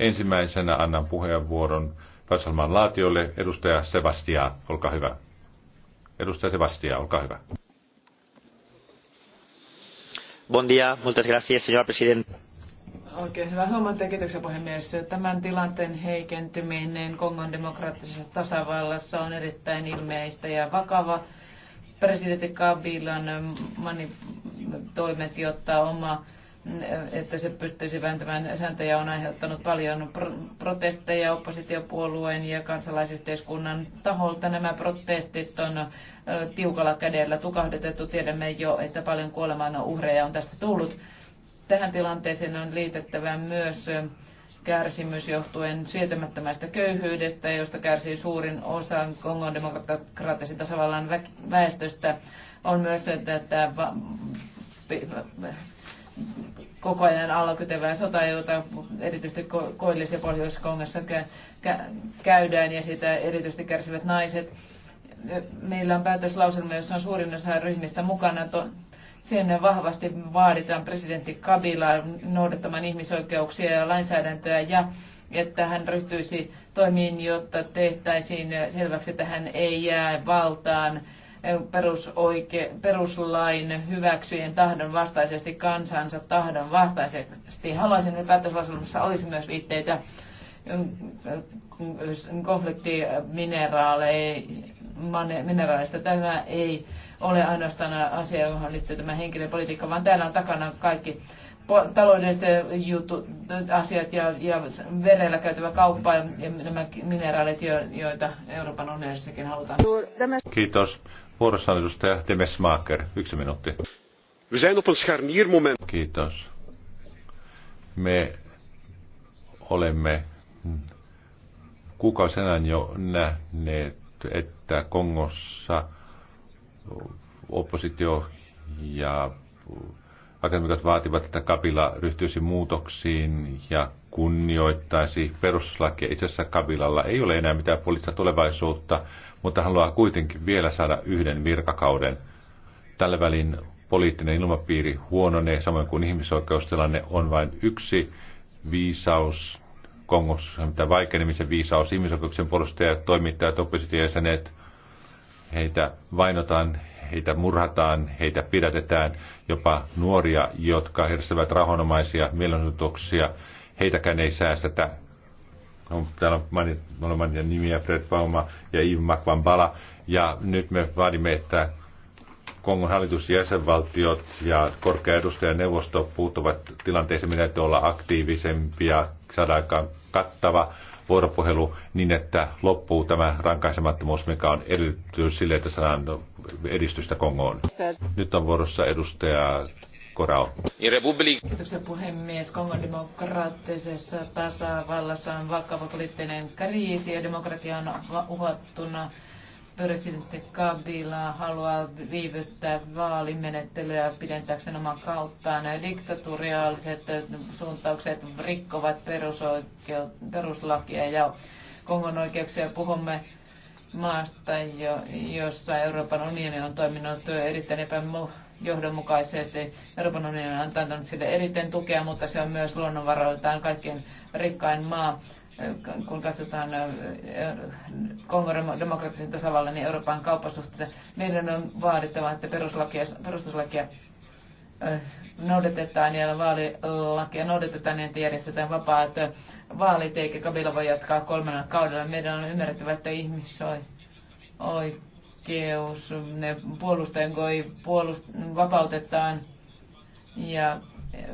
Ensimmäisenä annan puheenvuoron Pääsalman laatiolle. Edustaja Sebastia, olkaa hyvä. Edustaja Sebastia, olkaa hyvä. Bon dia, muchas gracias, señor presidente. Oikein hyvä huomenta, kiitoksia puhemies. Tämän tilanteen heikentyminen Kongon demokraattisessa tasavallassa on erittäin ilmeistä ja vakava. Presidentti Kabilan mani toimet, jotta oma että se pystyisi vääntämään sääntöjä, on aiheuttanut paljon protesteja oppositiopuolueen ja kansalaisyhteiskunnan taholta. Nämä protestit on tiukalla kädellä tukahdutettu. Tiedämme jo, että paljon kuoleman uhreja on tästä tullut. Tähän tilanteeseen on liitettävä myös kärsimys johtuen sietämättömästä köyhyydestä, josta kärsii suurin osa Kongon demokraattisen tasavallan väestöstä. On myös tätä koko ajan allakytevää sota, jota erityisesti Koillis- ja Pohjois-Kongassa käydään ja sitä erityisesti kärsivät naiset. Meillä on päätöslauselma, jossa on suurin osa ryhmistä mukana. Sen vahvasti vaaditaan presidentti Kabilaa noudattamaan ihmisoikeuksia ja lainsäädäntöä ja että hän ryhtyisi toimiin, jotta tehtäisiin selväksi, että hän ei jää valtaan perusoike, peruslain hyväksyjen tahdon vastaisesti kansansa tahdon vastaisesti. Haluaisin, että päätöslauselmassa olisi myös viitteitä mm, mm, konfliktimineraaleista. Tämä ei ole ainoastaan asia, johon liittyy tämä henkilöpolitiikka, vaan täällä on takana kaikki taloudelliset jutut, asiat ja, ja verellä käytävä kauppa ja nämä mineraalit, joita Euroopan unionissakin halutaan. Kiitos. Vuorossa on edustaja Demesmaker. Yksi minuutti. We zijn op een scharniermoment. Kiitos. Me olemme kuukausena jo nähneet, että Kongossa oppositio ja akademikot vaativat, että Kapila ryhtyisi muutoksiin ja kunnioittaisi perustuslakia. Itse asiassa Kabilalla ei ole enää mitään poliittista tulevaisuutta, mutta haluaa kuitenkin vielä saada yhden virkakauden. Tällä välin poliittinen ilmapiiri huononee, samoin kuin ihmisoikeustilanne on vain yksi viisaus Kongossa, mitä vaikenemisen niin viisaus, ihmisoikeuksien puolustajat, toimittajat, oppositiojäsenet, heitä vainotaan, heitä murhataan, heitä pidätetään, jopa nuoria, jotka herstävät rahonomaisia mielenosoituksia heitäkään ei säästetä. On, täällä on mainittu nimiä Fred Bauma ja Yves Makwambala. Ja nyt me vaadimme, että Kongon hallitus, jäsenvaltiot ja korkea edustajaneuvosto puuttuvat tilanteeseen, minä olla aktiivisempia, saada aikaan kattava vuoropuhelu niin, että loppuu tämä rankaisemattomuus, mikä on edellytys sille, että saadaan edistystä Kongoon. Nyt on vuorossa edustaja Korao. puhemies. Kongon demokraattisessa tasavallassa on vakava poliittinen kriisi ja demokratia on uhattuna. Presidentti Kabila haluaa viivyttää vaalimenettelyä pidentääkseen oman kauttaan. Diktatoriaaliset suuntaukset rikkovat peruslakia ja Kongon oikeuksia. Puhumme maasta, jossa Euroopan unioni on toiminut erittäin epämu johdonmukaisesti. Euroopan unioni on antanut sille eriten tukea, mutta se on myös luonnonvaroiltaan kaikkein rikkain maa. Kun katsotaan eh, Kongon demokraattisen tasavallan niin Euroopan kauppasuhteita, meidän on vaadittava, että peruslakia, perustuslakia eh, noudatetaan ja vaalilakia noudatetaan niin, että järjestetään vapaat vaalit, eikä Kabila voi jatkaa kolmannella kaudella. Meidän on ymmärrettävä, että ihmisoi, oi, oikeus, ne puolustajan koi puolust- vapautetaan ja,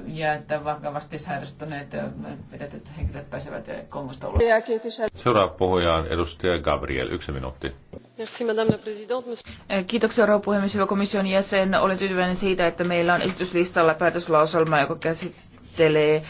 ja että vakavasti sairastuneet pidetyt henkilöt pääsevät Kongosta ulos. Seuraava puhuja on edustaja Gabriel, yksi minuutti. Eh, kiitoksia rouva puhemies, hyvä komission jäsen. Olen tyytyväinen siitä, että meillä on esityslistalla päätöslauselma, joka käsittelee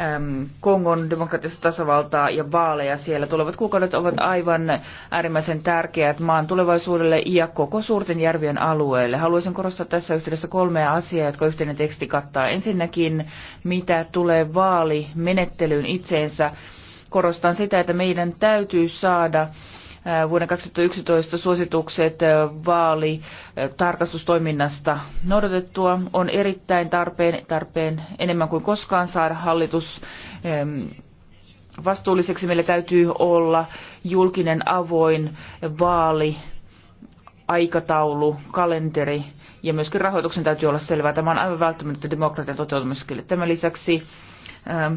Ähm, Kongon demokraattista tasavaltaa ja vaaleja siellä. Tulevat kuukaudet ovat aivan äärimmäisen tärkeät maan tulevaisuudelle ja koko suurten järvien alueelle. Haluaisin korostaa tässä yhteydessä kolmea asiaa, jotka yhteinen teksti kattaa. Ensinnäkin, mitä tulee vaalimenettelyyn itseensä. Korostan sitä, että meidän täytyy saada Äh, vuoden 2011 suositukset äh, vaalitarkastustoiminnasta äh, noudatettua. On erittäin tarpeen, tarpeen enemmän kuin koskaan saada hallitus ähm, vastuulliseksi. Meillä täytyy olla julkinen avoin vaali aikataulu, kalenteri ja myöskin rahoituksen täytyy olla selvää. Tämä on aivan välttämätöntä demokratian toteutumiselle. Tämän lisäksi ähm,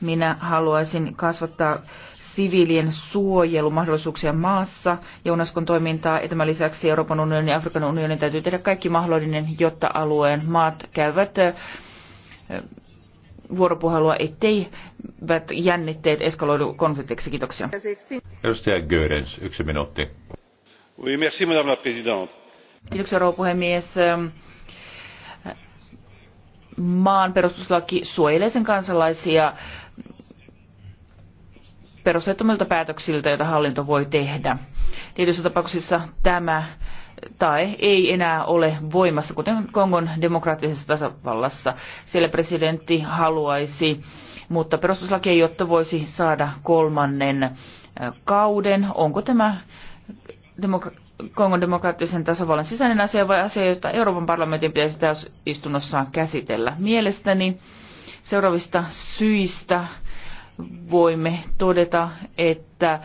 minä haluaisin kasvattaa siviilien suojelumahdollisuuksia maassa ja UNESCOn toimintaa. Ja tämän lisäksi Euroopan unionin ja Afrikan unionin täytyy tehdä kaikki mahdollinen, jotta alueen maat käyvät vuoropuhelua, ettei jännitteet eskaloidu konfliktiksi. Kiitoksia. Edustaja Görens, yksi minuutti. Oui, merci, madame la présidente. Kiitoksia, rouva puhemies maan perustuslaki suojelee sen kansalaisia perusteettomilta päätöksiltä, joita hallinto voi tehdä. Tietyissä tapauksissa tämä tai ei enää ole voimassa, kuten Kongon demokraattisessa tasavallassa. Siellä presidentti haluaisi mutta perustuslaki ei jotta voisi saada kolmannen kauden. Onko tämä demokra- Kongon demokraattisen tasavallan sisäinen asia vai asia, jota Euroopan parlamentin pitäisi täysistunnossaan käsitellä? Mielestäni seuraavista syistä voimme todeta, että äh,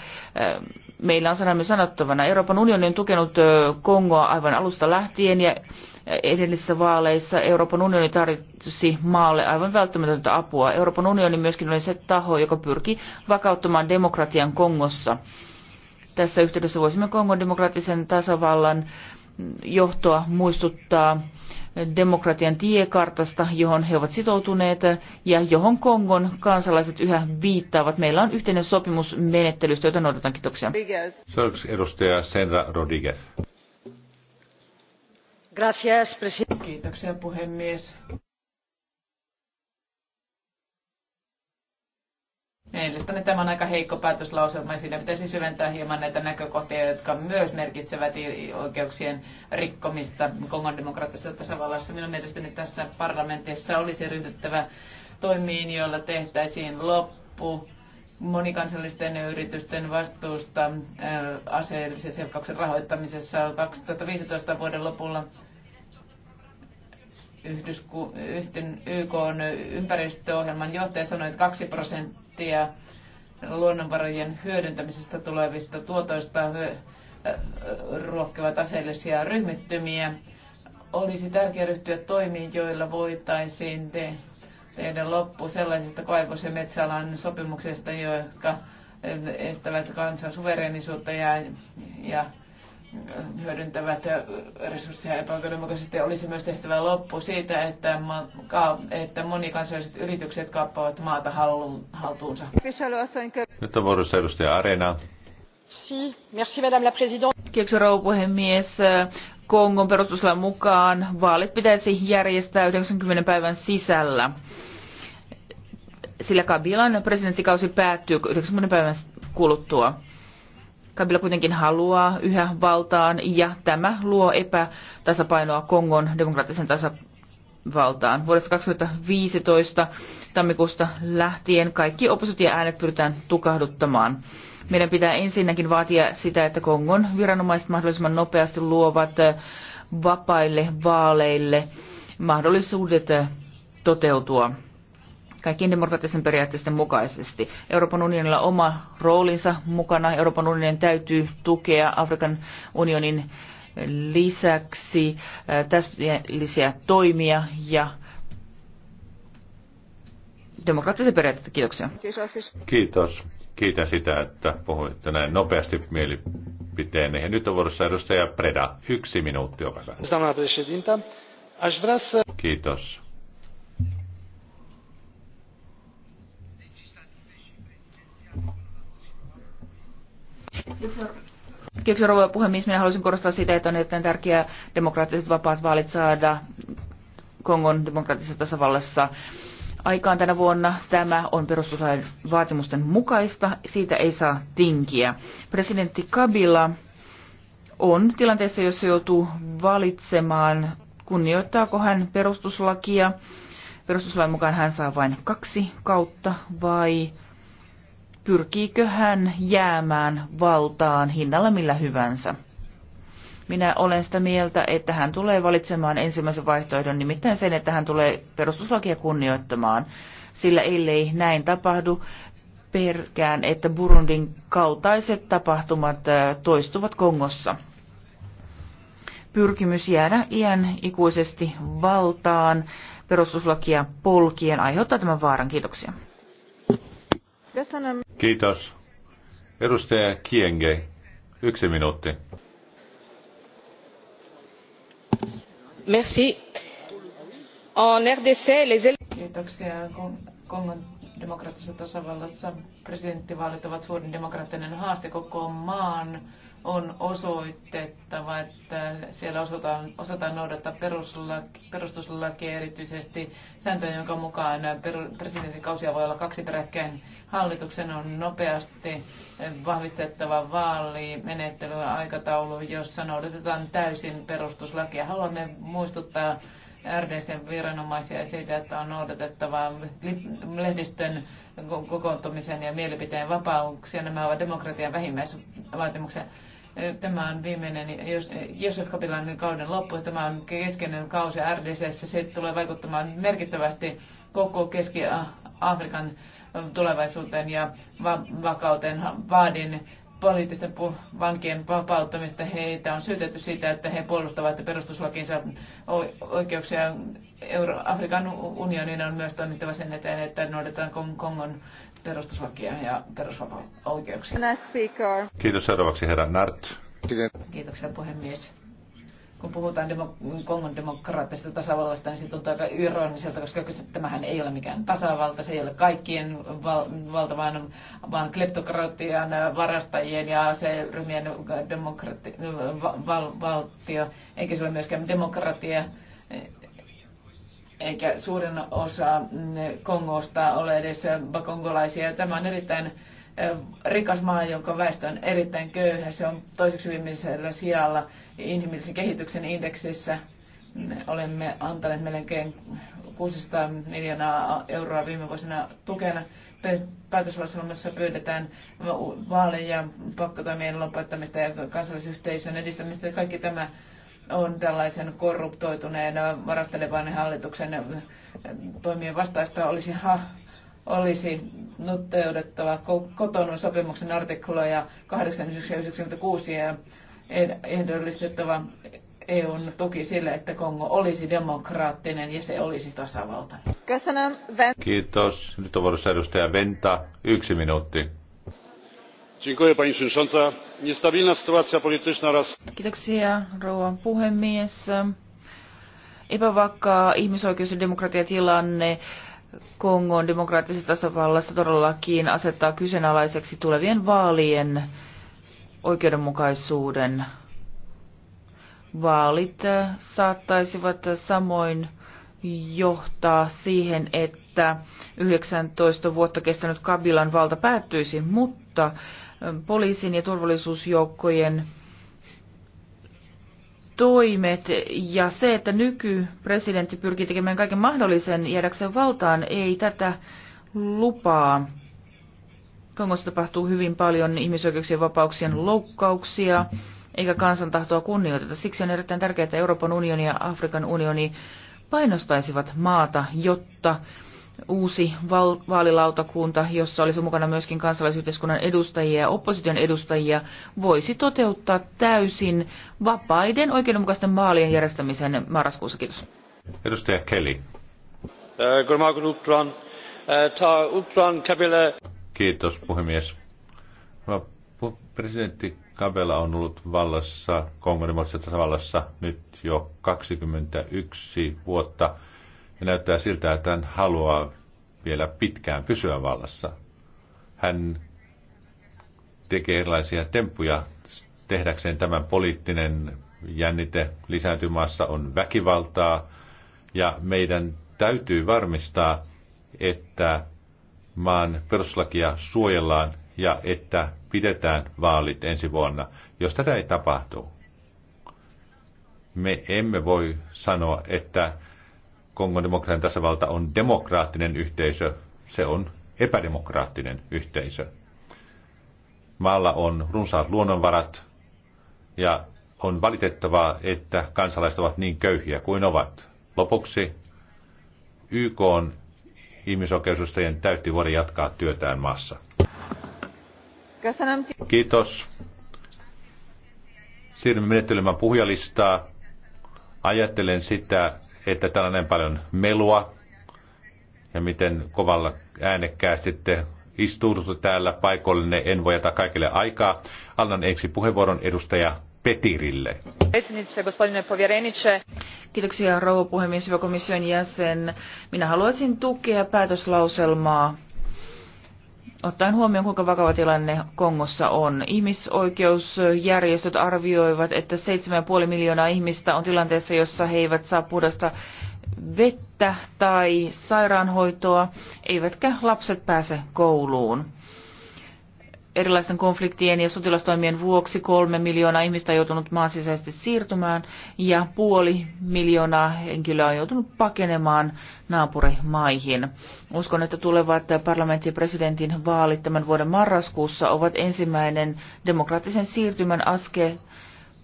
meillä on sanamme sanottavana. Euroopan unioni on tukenut äh, Kongoa aivan alusta lähtien ja äh, edellisissä vaaleissa Euroopan unioni tarjosi maalle aivan välttämätöntä apua. Euroopan unioni myöskin oli se taho, joka pyrki vakauttamaan demokratian Kongossa. Tässä yhteydessä voisimme Kongon demokraattisen tasavallan mm, johtoa muistuttaa demokratian tiekartasta, johon he ovat sitoutuneet ja johon Kongon kansalaiset yhä viittaavat. Meillä on yhteinen sopimus menettelystä, jota noudatan. Kiitoksia. Seuraavaksi edustaja Senra Rodriguez. Gracias, Kiitoksia puhemies. Mielestäni tämä on aika heikko päätöslauselma ja siinä pitäisi syventää hieman näitä näkökohtia, jotka myös merkitsevät oikeuksien rikkomista Kongon demokraattisessa tasavallassa. Minun mielestäni tässä parlamentissa olisi ryhdyttävä toimiin, joilla tehtäisiin loppu monikansallisten yritysten vastuusta aseellisen selkkauksen rahoittamisessa 2015 vuoden lopulla YK ympäristöohjelman johtaja sanoi, että 2 prosenttia luonnonvarojen hyödyntämisestä tulevista tuotoista äh, ruokkivat aseellisia ryhmittymiä. Olisi tärkeää ryhtyä toimiin, joilla voitaisiin tehdä loppu sellaisista kaivos- ja metsäalan sopimuksista, jotka estävät kansan suvereenisuutta ja, ja hyödyntävät resursseja epäoikeudenmukaisesti. Olisi myös tehtävä loppu siitä, että, että monikansalliset yritykset kaappaavat maata haltuunsa. Nyt on vuorossa edustaja Areena. Si, merci madame la rouva puhemies. Kongon perustuslain mukaan vaalit pitäisi järjestää 90 päivän sisällä. Sillä Kabilan presidenttikausi päättyy 90 päivän kuluttua. Kabila kuitenkin haluaa yhä valtaan ja tämä luo epätasapainoa Kongon demokraattisen tasavaltaan. Vuodesta 2015 tammikuusta lähtien kaikki oppositioäänet pyritään tukahduttamaan. Meidän pitää ensinnäkin vaatia sitä, että Kongon viranomaiset mahdollisimman nopeasti luovat vapaille vaaleille mahdollisuudet toteutua kaikkien demokraattisten periaatteiden mukaisesti. Euroopan unionilla oma roolinsa mukana. Euroopan unionin täytyy tukea Afrikan unionin lisäksi täsmällisiä toimia ja demokraattisia periaatteita. Kiitoksia. Kiitos. Kiitän sitä, että puhuitte näin nopeasti mielipiteenne. Ja nyt on vuorossa edustaja Preda. Yksi minuutti, joka saa. Kiitos Kiitoksia rouva puhemies. Minä haluaisin korostaa sitä, että on erittäin tärkeää demokraattiset vapaat vaalit saada Kongon demokraattisessa tasavallassa aikaan tänä vuonna. Tämä on perustuslain vaatimusten mukaista. Siitä ei saa tinkiä. Presidentti Kabila on tilanteessa, jossa joutuu valitsemaan, kunnioittaako hän perustuslakia. Perustuslain mukaan hän saa vain kaksi kautta vai pyrkiikö hän jäämään valtaan hinnalla millä hyvänsä. Minä olen sitä mieltä, että hän tulee valitsemaan ensimmäisen vaihtoehdon, nimittäin sen, että hän tulee perustuslakia kunnioittamaan, sillä ellei näin tapahdu, perkään, että Burundin kaltaiset tapahtumat toistuvat Kongossa. Pyrkimys jäädä iän ikuisesti valtaan perustuslakia polkien aiheuttaa tämän vaaran. Kiitoksia. Kiitos. Edustaja Kienge, yksi minuutti. Merci. En RDC, les... Kiitoksia. Kongon demokraattisessa tasavallassa presidenttivaalit ovat suurin demokraattinen haaste koko maan. On osoitettava, että siellä osataan, osataan noudattaa perustuslakia erityisesti sääntöjä, jonka mukaan presidentin kausia voi olla kaksi peräkkäin. Hallituksen on nopeasti vahvistettava vaalimenettely aikataulu, jossa noudatetaan täysin perustuslakia. Haluamme muistuttaa RDC-viranomaisia siitä, että on noudatettava lehdistön kokoontumisen ja mielipiteen vapauksia. Nämä ovat demokratian vähimmäisvaatimuksia. Tämä on viimeinen Josef Kapilanin kauden loppu. Tämä on keskeinen kausi RDC. Se tulee vaikuttamaan merkittävästi koko Keski-Afrikan tulevaisuuteen ja vakauteen. Vaadin poliittisten vankien vapauttamista. Heitä on syytetty siitä, että he puolustavat perustuslakinsa oikeuksia. Afrikan unionin on myös toimittava sen eteen, että noudetaan Kongon perustuslakia ja perusvapauksia. Kiitos seuraavaksi herra Nart. Kiitoksia puhemies kun puhutaan demo- Kongon demokraattisesta tasavallasta, niin se tuntuu aika ironiselta, koska tämähän ei ole mikään tasavalta, se ei ole kaikkien val- valta, vaan, vaan kleptokratian, äh, varastajien ja aseryhmien äh, demokrati- äh, val- valtio, eikä se ole myöskään demokratia, eikä suurin osa mm, Kongosta ole edes kongolaisia, Tämä on erittäin rikas maa, jonka väestö on erittäin köyhä. Se on toiseksi viimeisellä sijalla inhimillisen kehityksen indeksissä. Me olemme antaneet melkein 600 miljoonaa euroa viime vuosina tukena. Päätöslauselmassa pyydetään ja pakkotoimien lopettamista ja kansallisyhteisön edistämistä. Kaikki tämä on tällaisen korruptoituneen varastelevan hallituksen toimien vastaista. Olisi ha- olisi nuteudettava kotonun sopimuksen artikloja 896 ja ehdollistettava EUn tuki sille, että Kongo olisi demokraattinen ja se olisi tasavalta. Kiitos. Nyt on vuorossa edustaja Venta. Yksi minuutti. Kiitoksia, rouva puhemies. Epävakaa ihmisoikeus- ja demokratiatilanne Kongon demokraattisessa tasavallassa todellakin asettaa kyseenalaiseksi tulevien vaalien oikeudenmukaisuuden. Vaalit äh, saattaisivat samoin johtaa siihen, että 19 vuotta kestänyt Kabilan valta päättyisi, mutta äh, poliisin ja turvallisuusjoukkojen toimet ja se, että nykypresidentti pyrkii tekemään kaiken mahdollisen jäädäkseen valtaan, ei tätä lupaa. Kongossa tapahtuu hyvin paljon ihmisoikeuksien vapauksien loukkauksia, eikä kansantahtoa kunnioiteta. Siksi on erittäin tärkeää, että Euroopan unioni ja Afrikan unioni painostaisivat maata, jotta uusi val- vaalilautakunta, jossa olisi mukana myöskin kansalaisyhteiskunnan edustajia ja opposition edustajia, voisi toteuttaa täysin vapaiden oikeudenmukaisten maalien järjestämisen marraskuussa. Kiitos. Edustaja Kelly. Äh, äh, Kiitos puhemies. Presidentti Kabela on ollut vallassa, Kongon tasavallassa nyt jo 21 vuotta ja näyttää siltä, että hän haluaa vielä pitkään pysyä vallassa. Hän tekee erilaisia temppuja tehdäkseen tämän poliittinen jännite lisääntymässä on väkivaltaa ja meidän täytyy varmistaa, että maan perustuslakia suojellaan ja että pidetään vaalit ensi vuonna. Jos tätä ei tapahdu, me emme voi sanoa, että Kongon demokraattinen tasavalta on demokraattinen yhteisö, se on epädemokraattinen yhteisö. Maalla on runsaat luonnonvarat ja on valitettavaa, että kansalaiset ovat niin köyhiä kuin ovat. Lopuksi YK on ihmisoikeusustajien täytti vuoden jatkaa työtään maassa. Kiitos. Siirrymme menettelemään puhujalistaa. Ajattelen sitä, että tällainen paljon melua ja miten kovalla äänekkäästi te istuudutte täällä paikallinen. En voi jätä kaikille aikaa. Annan eiksi puheenvuoron edustaja Petirille. Kiitoksia rouva puhemies ja komission jäsen. Minä haluaisin tukea päätöslauselmaa Ottaen huomioon, kuinka vakava tilanne Kongossa on, ihmisoikeusjärjestöt arvioivat, että 7,5 miljoonaa ihmistä on tilanteessa, jossa he eivät saa puhdasta vettä tai sairaanhoitoa, eivätkä lapset pääse kouluun erilaisten konfliktien ja sotilastoimien vuoksi kolme miljoonaa ihmistä on joutunut maan sisäisesti siirtymään ja puoli miljoonaa henkilöä on joutunut pakenemaan naapurimaihin. Uskon, että tulevat parlamentin ja presidentin vaalit tämän vuoden marraskuussa ovat ensimmäinen demokraattisen siirtymän askel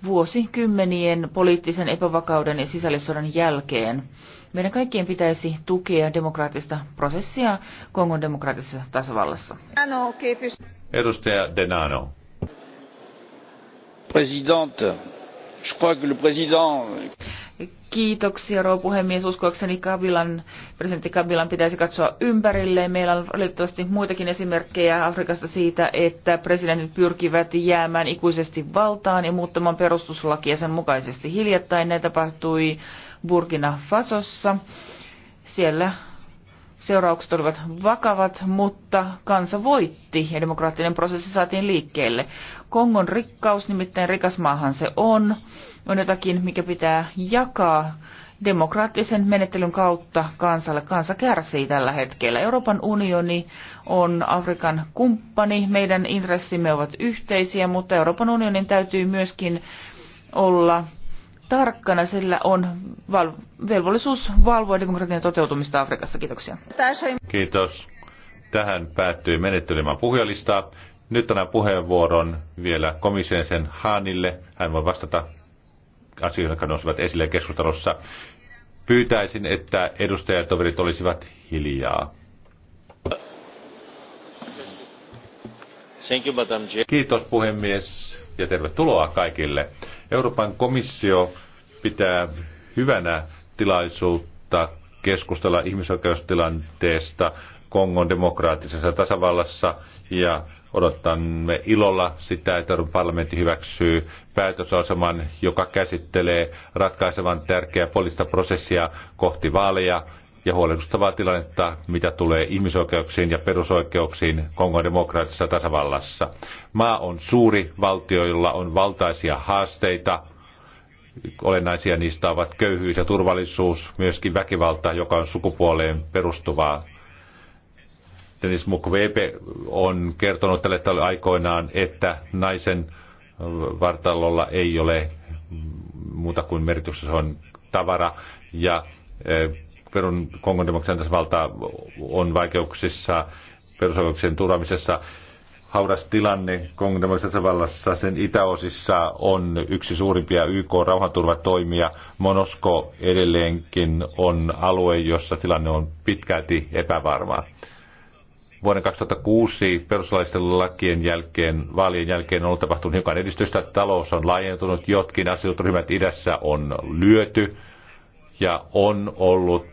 vuosikymmenien poliittisen epävakauden ja sisällissodan jälkeen. Meidän kaikkien pitäisi tukea demokraattista prosessia Kongon demokraattisessa tasavallassa. Edustaja Denano. President, je crois que le président... Kiitoksia, rouva puhemies. Uskoakseni Kabilan, presidentti Kabilan pitäisi katsoa ympärilleen. Meillä on valitettavasti muitakin esimerkkejä Afrikasta siitä, että presidentit pyrkivät jäämään ikuisesti valtaan ja muuttamaan perustuslakia sen mukaisesti. Hiljattain ne tapahtui Burkina Fasossa. Siellä seuraukset olivat vakavat, mutta kansa voitti ja demokraattinen prosessi saatiin liikkeelle. Kongon rikkaus, nimittäin rikas maahan se on on jotakin, mikä pitää jakaa demokraattisen menettelyn kautta kansalle. Kansa kärsii tällä hetkellä. Euroopan unioni on Afrikan kumppani. Meidän intressimme ovat yhteisiä, mutta Euroopan unionin täytyy myöskin olla tarkkana, sillä on val- velvollisuus valvoa demokratian toteutumista Afrikassa. Kiitoksia. Kiitos. Tähän päättyy menettelemään puhujalistaa. Nyt annan puheenvuoron vielä komission sen Haanille. Hän voi vastata asioita, jotka nousivat esille keskustelussa. Pyytäisin, että edustajatoverit olisivat hiljaa. Kiitos puhemies ja tervetuloa kaikille. Euroopan komissio pitää hyvänä tilaisuutta keskustella ihmisoikeustilanteesta Kongon demokraattisessa tasavallassa ja Odotamme ilolla sitä, että Euroopan parlamentti hyväksyy päätösaseman, joka käsittelee ratkaisevan tärkeää poliittista prosessia kohti vaaleja ja huolestuttavaa tilannetta, mitä tulee ihmisoikeuksiin ja perusoikeuksiin Kongon demokraattisessa tasavallassa. Maa on suuri valtio, jolla on valtaisia haasteita. Olennaisia niistä ovat köyhyys ja turvallisuus, myöskin väkivalta, joka on sukupuoleen perustuvaa Dennis Mukwebe on kertonut tälle tälle aikoinaan, että naisen vartalolla ei ole muuta kuin merkityksessä on tavara. Ja e, Perun Kongon valta on vaikeuksissa perusoikeuksien turvaamisessa. Hauras tilanne Kongon vallassa, sen itäosissa on yksi suurimpia YK rauhanturvatoimia. Monosko edelleenkin on alue, jossa tilanne on pitkälti epävarmaa vuoden 2006 perustuslaisten lakien jälkeen, vaalien jälkeen on ollut tapahtunut hiukan edistystä. Talous on laajentunut, jotkin asiantuntijaryhmät idässä on lyöty ja on ollut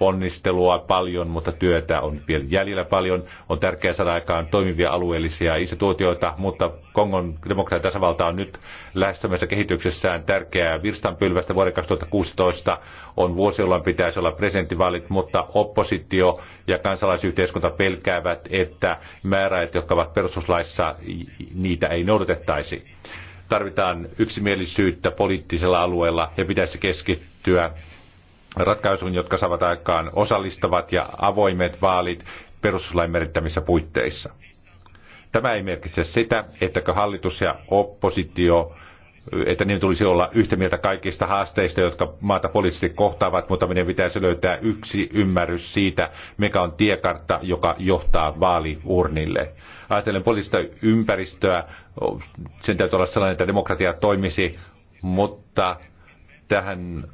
ponnistelua paljon, mutta työtä on vielä jäljellä paljon. On tärkeää saada aikaan toimivia alueellisia instituutioita, mutta Kongon demokratian tasavalta on nyt lähestymässä kehityksessään tärkeää virstanpylvästä. Vuoden 2016 on vuosi, jolloin pitäisi olla presidentinvaalit, mutta oppositio ja kansalaisyhteiskunta pelkäävät, että määräet, jotka ovat perustuslaissa, niitä ei noudatettaisi. Tarvitaan yksimielisyyttä poliittisella alueella ja pitäisi keskittyä ratkaisun, jotka saavat aikaan osallistavat ja avoimet vaalit perustuslain merittämissä puitteissa. Tämä ei merkitse sitä, että hallitus ja oppositio että niin tulisi olla yhtä mieltä kaikista haasteista, jotka maata poliittisesti kohtaavat, mutta meidän pitäisi löytää yksi ymmärrys siitä, mikä on tiekartta, joka johtaa vaaliurnille. Ajatellen poliittista ympäristöä, sen täytyy olla sellainen, että demokratia toimisi, mutta tähän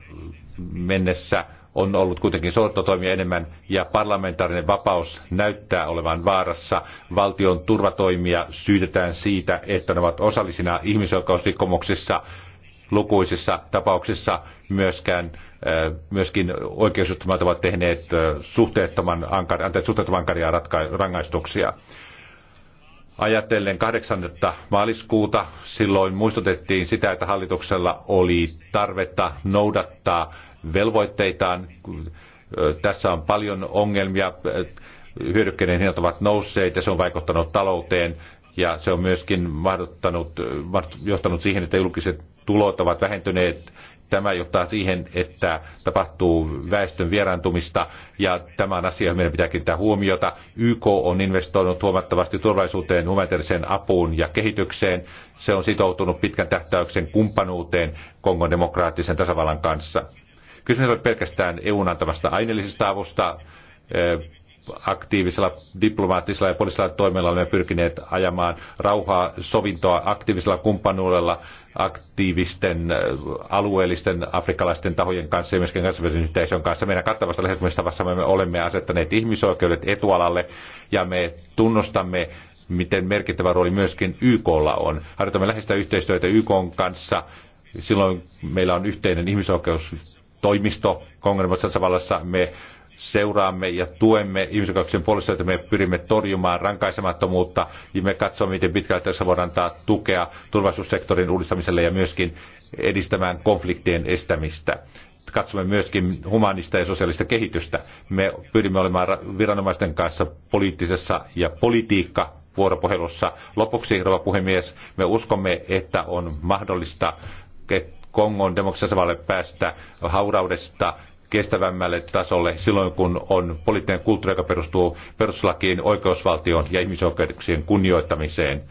mennessä on ollut kuitenkin sortotoimia enemmän ja parlamentaarinen vapaus näyttää olevan vaarassa. Valtion turvatoimia syytetään siitä, että ne ovat osallisina ihmisoikeusrikkomuksissa lukuisissa tapauksissa myöskään, äh, myöskin oikeusjuttumat ovat tehneet äh, suhteettoman, ankar, anteeksi, suhteettoman ankaria rangaistuksia. Ajatellen 8. maaliskuuta silloin muistutettiin sitä, että hallituksella oli tarvetta noudattaa velvoitteitaan. Tässä on paljon ongelmia, hyödykkeiden hinnat ovat nousseet ja se on vaikuttanut talouteen ja se on myöskin johtanut siihen, että julkiset tulot ovat vähentyneet Tämä johtaa siihen, että tapahtuu väestön vieraantumista ja tämä on asia, johon meidän pitää kiinnittää huomiota. YK on investoinut huomattavasti turvallisuuteen, humanitaariseen apuun ja kehitykseen. Se on sitoutunut pitkän tähtäyksen kumppanuuteen Kongon demokraattisen tasavallan kanssa. Kysymys ole pelkästään EUn antamasta aineellisesta avusta aktiivisella diplomaattisella ja poliittisella toimilla olemme pyrkineet ajamaan rauhaa, sovintoa aktiivisella kumppanuudella aktiivisten äh, alueellisten afrikkalaisten tahojen kanssa ja myöskin kansainvälisen yhteisön kanssa. Meidän kattavasta lähestymistavassa me olemme asettaneet ihmisoikeudet etualalle ja me tunnustamme miten merkittävä rooli myöskin YKlla on. Harjoitamme läheistä yhteistyötä YKn kanssa. Silloin meillä on yhteinen ihmisoikeustoimisto Kongon Savallassa. Me seuraamme ja tuemme ihmisoikeuksien puolesta, että me pyrimme torjumaan rankaisemattomuutta ja me katsomme, miten pitkälle tässä voidaan antaa tukea turvallisuussektorin uudistamiselle ja myöskin edistämään konfliktien estämistä. Katsomme myöskin humanista ja sosiaalista kehitystä. Me pyrimme olemaan viranomaisten kanssa poliittisessa ja politiikka vuoropuhelussa. Lopuksi, rouva puhemies, me uskomme, että on mahdollista Kongon demokratiasavalle päästä hauraudesta kestävämmälle tasolle silloin, kun on poliittinen kulttuuri, joka perustuu perustuslakiin, oikeusvaltioon ja ihmisoikeuksien kunnioittamiseen.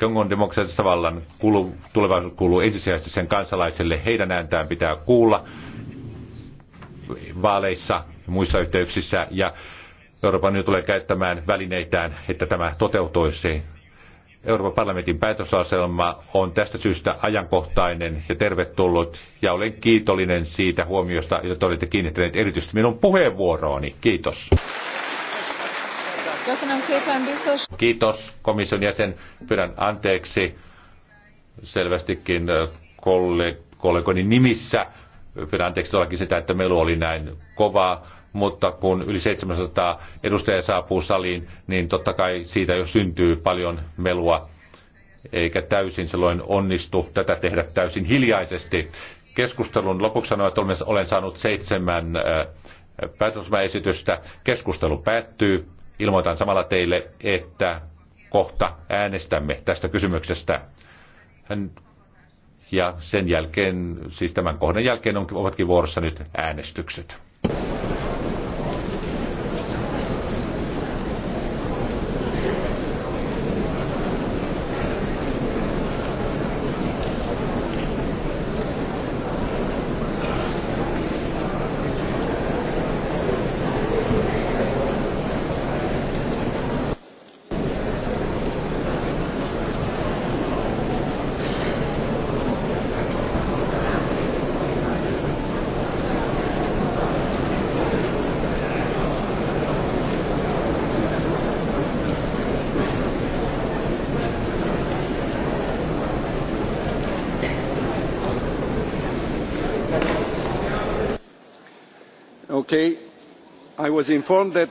Kongon demokraattisessa vallan kuulu, tulevaisuus kuuluu ensisijaisesti sen kansalaiselle. Heidän ääntään pitää kuulla vaaleissa ja muissa yhteyksissä ja Euroopan nyt tulee käyttämään välineitään, että tämä toteutuisi. Euroopan parlamentin päätöslauselma on tästä syystä ajankohtainen ja tervetullut, ja olen kiitollinen siitä huomiosta, jota olette kiinnittäneet erityisesti minun puheenvuorooni. Kiitos. Kiitos komission jäsen. Pyydän anteeksi selvästikin kollegoni nimissä. Pyydän anteeksi todellakin sitä, että melu oli näin kovaa mutta kun yli 700 edustajaa saapuu saliin, niin totta kai siitä jo syntyy paljon melua, eikä täysin silloin onnistu tätä tehdä täysin hiljaisesti. Keskustelun lopuksi sanoin, että olen saanut seitsemän äh, päätösmäesitystä. Keskustelu päättyy. Ilmoitan samalla teille, että kohta äänestämme tästä kysymyksestä. ja sen jälkeen, siis tämän kohdan jälkeen ovatkin vuorossa nyt äänestykset. okay. i was informed that